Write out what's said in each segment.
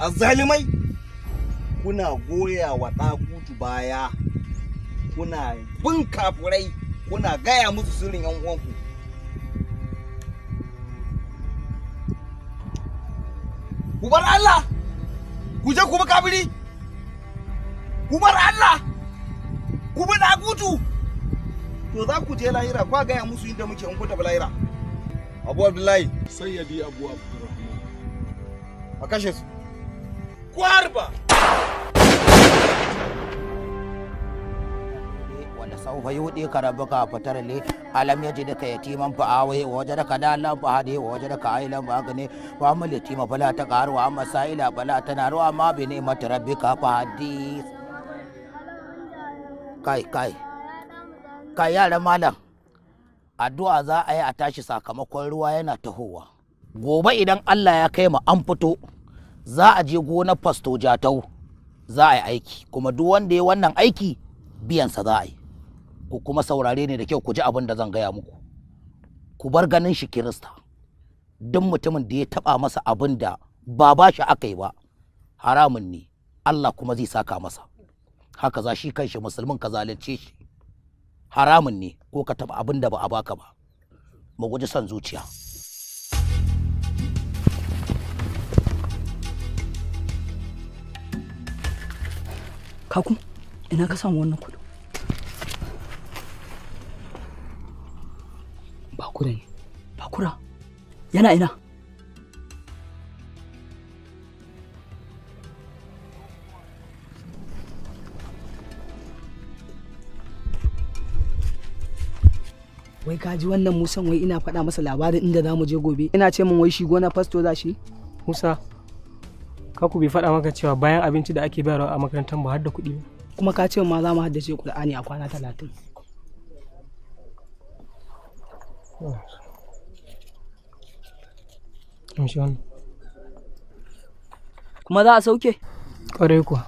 azzalimai kuna goya wa ɗakutu baya kuna bin kafurai kuna gaya musu sirrin yan uwanku ku bar Allah ku je ku bi kabiri ku bar Allah ku bi ɗakutu to za ku je lahira kwa gaya musu inda muke in kun tafi lahira abu abdullahi bi abu abdurrahman a kashe su ko sau wanda saufa yudi ka rabbuka fatarli alam yajidka yatiman fa awai wajadaka dalan fa hadi wajadaka ailan fa gane fa amal yatima fala taqaru amma sa'ila fala tanaru amma bi ni'mat rabbika fa hadi kai kai kai yaran malam addu'a za a yi a tashi sakamakon ruwa yana tahowa gobe idan Allah ya kai mu an fito za a je gonar fasto jatau za a yi aiki kuma duk wanda ya wannan aiki biyan sa za a yi ku kuma saurare ne da kyau ku ji abin da zan gaya muku ku bar ganin shi kirista duk mutumin da ya taba masa abin da ba ba shi aka yi ba haramun ne Allah kuma zai saka masa haka za shi kanshi musulmin ka zalunce shi haramun ne ko ka taba abin da ba a baka ba mu guji son zuciya kaku ina ka samu wannan kudu bakura ne bakura yana ina wai kaji wannan musan wai ina faɗa masa labarin inda za mu je gobe ina ce min wai shi gona fasto za shi musa kaku bai faɗa maka cewa bayan abinci da ake bayarwa a makarantar ba har da kuɗi ba kuma ka ce ma za mu haddace Qur'ani a kwana talatin kuma za a sauke ƙwarai kuwa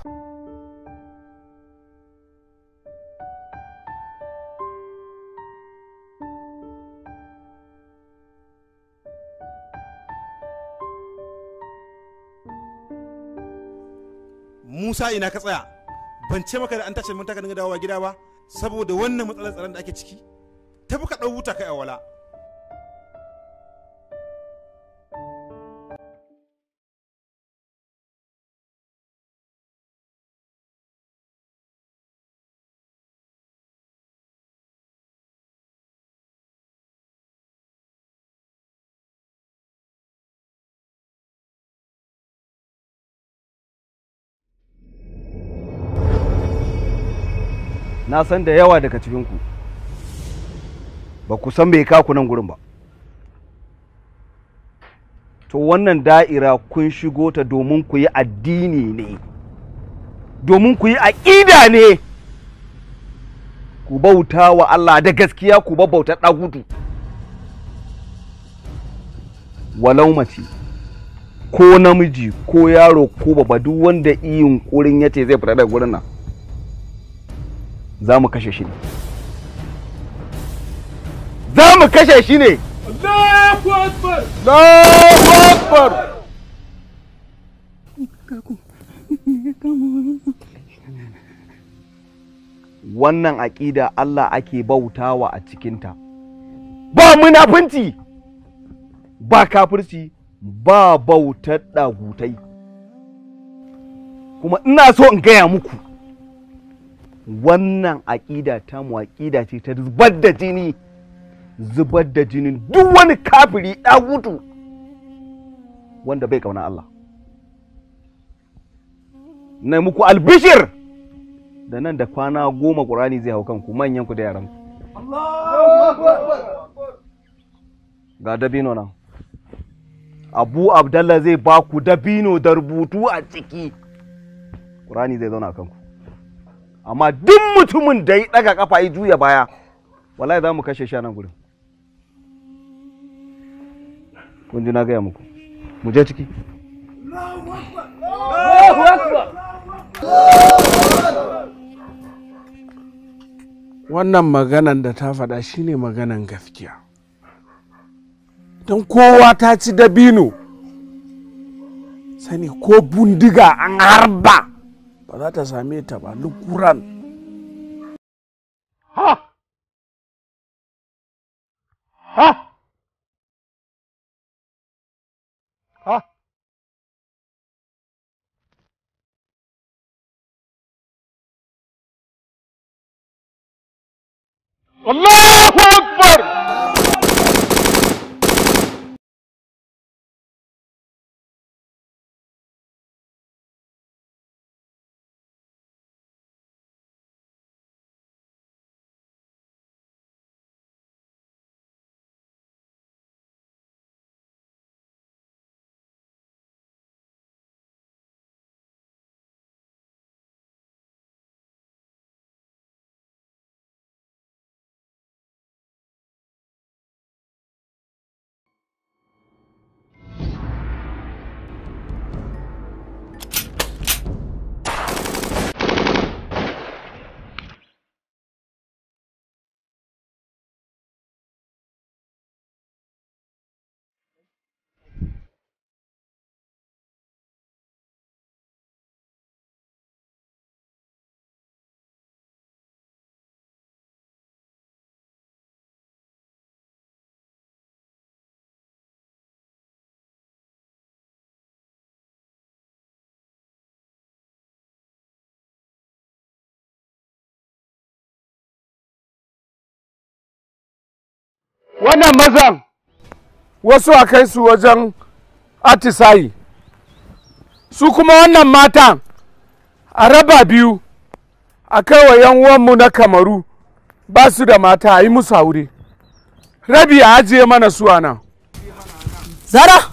musa ina ka tsaya ban ce maka da an tashi mun taka dinga dawowa gida ba saboda wannan matsalar tsaron da ake ciki tafi ka ɗau wuta kai a wala na san da yawa daga cikinku ba ku san bai kaku nan gurin ba to wannan da'ira kun shigo ta domin ku yi addini ne domin ku yi aƙida ne ku bauta wa Allah da gaskiya ku babbauta ɗagutu walau mace ko namiji ko yaro ko baba duk wanda iyin ƙurin ya ce zai fita da gurin nan za mu kashe shi ne za mu kashe shi ne wannan aƙida Allah ake bautawa a cikinta ba munafunci ba kafirci ba bautar ɗagutai kuma ina so in gaya muku wannan aƙida ta mu aƙida ce ta zubar da jini zubar da jinin duk wani kafiri ɗagutu wanda bai kauna Allah na muku albishir da nan da kwana goma ƙurani zai hau kanku manyan ku da yaran ga dabino nan abu abdallah zai baku dabino da rubutu a ciki ƙurani zai zauna kanku amma duk mutumin da ya daga kafa ya juya baya wallahi za mu kashe shi a nan gurin kun ji na gaya muku mu je ciki wannan maganan da ta faɗa shine maganan gaskiya don kowa ta ci dabino sani ko bundiga an harba ba za ta same ta ba lukuran ha ha ha Allahu Akbar! wannan mazan wasu a kai su wajen atisayi su kuma wannan matan a raba biyu a kai wa yan na kamaru ba su da mata a yi musu aure rabi a ajiye mana su a nan zara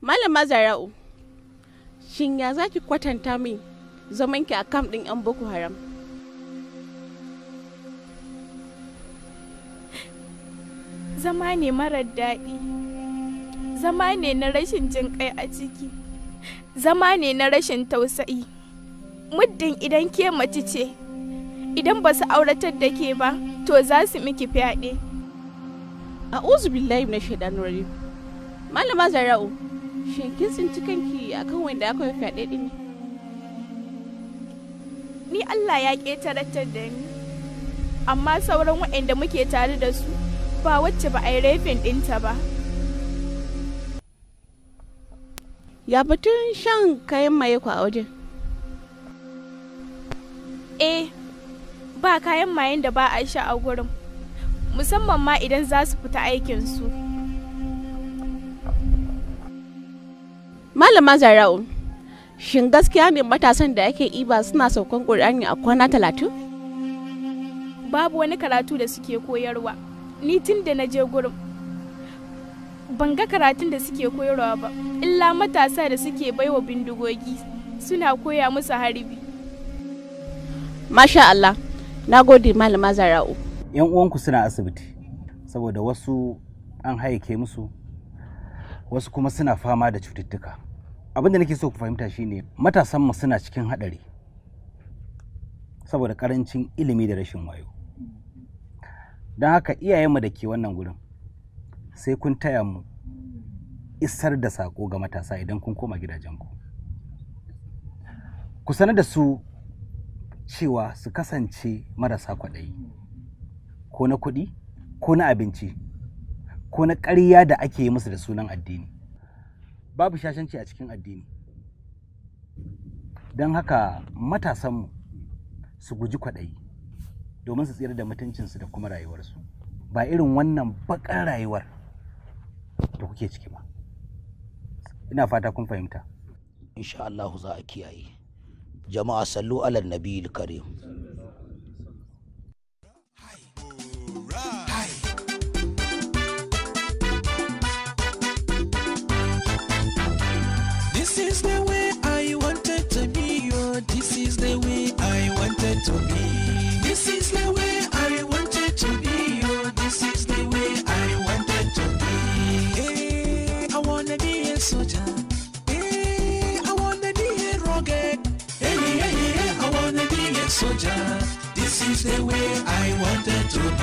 malama zara'u shin ya za ki kwatanta min zamanki a kam ɗin 'yan boko haram zama ne marar daɗi zama ne na rashin jin kai a ciki zama ne na rashin tausayi muddin idan ke mace ce idan ba su auratar da ke ba to za su miki fyaɗe a uzu billahi na shaidan malama zara'u shin kin tsinci kanki akan wanda aka yi fyaɗe ɗin ne ni Allah ya ƙetarattar da ni amma sauran waɗanda muke tare da su ba wacce ba a yi rafin ɗinta ba ya batun shan kayan maye ku a wajen eh ba kayan mayen da ba a sha a gurin musamman ma idan za su fita aikinsu. su Malama Zara'u, shin gaskiya ne matasan da ake iba suna saukan ƙur'ani a kwana talatin? Babu wani karatu da suke koyarwa, ni tun da na je gurin. Ban ga karatun da suke koyarwa ba, illa matasa da suke baiwa bindigogi suna koya musu harbi. Masha Allah, na gode Malama Zara'u. 'Yan uwanku suna asibiti, saboda wasu an haike musu, wasu kuma suna fama da cututtuka. abin da nake so ku fahimta shine matasan mu suna cikin haɗari saboda karancin ilimi da rashin wayo don haka iyayen mu da ke wannan gurin sai kun taya mu isar da sako ga matasa idan kun koma gidajenku ku sanar da su cewa su kasance marasa kwaɗayi ko na kuɗi ko na abinci ko na ƙarya da ake yi musu da sunan addini babu shashanci a cikin addini don haka matasanmu su guji kwaɗayi domin su tsira da mutuncinsu da kuma rayuwarsu ba irin wannan baƙar rayuwar da kuke ciki ba ina fata kun fahimta insha Allah za a kiyaye jama'a sallu alal nabiyil karim wanted to be. This is the way I wanted to be. Oh, this is the way I wanted to be. Hey, eh, I wanna be a soldier. Hey, eh, I wanna be a rocket. Hey, hey, hey, I wanna be a soldier. This is the way I wanted to be.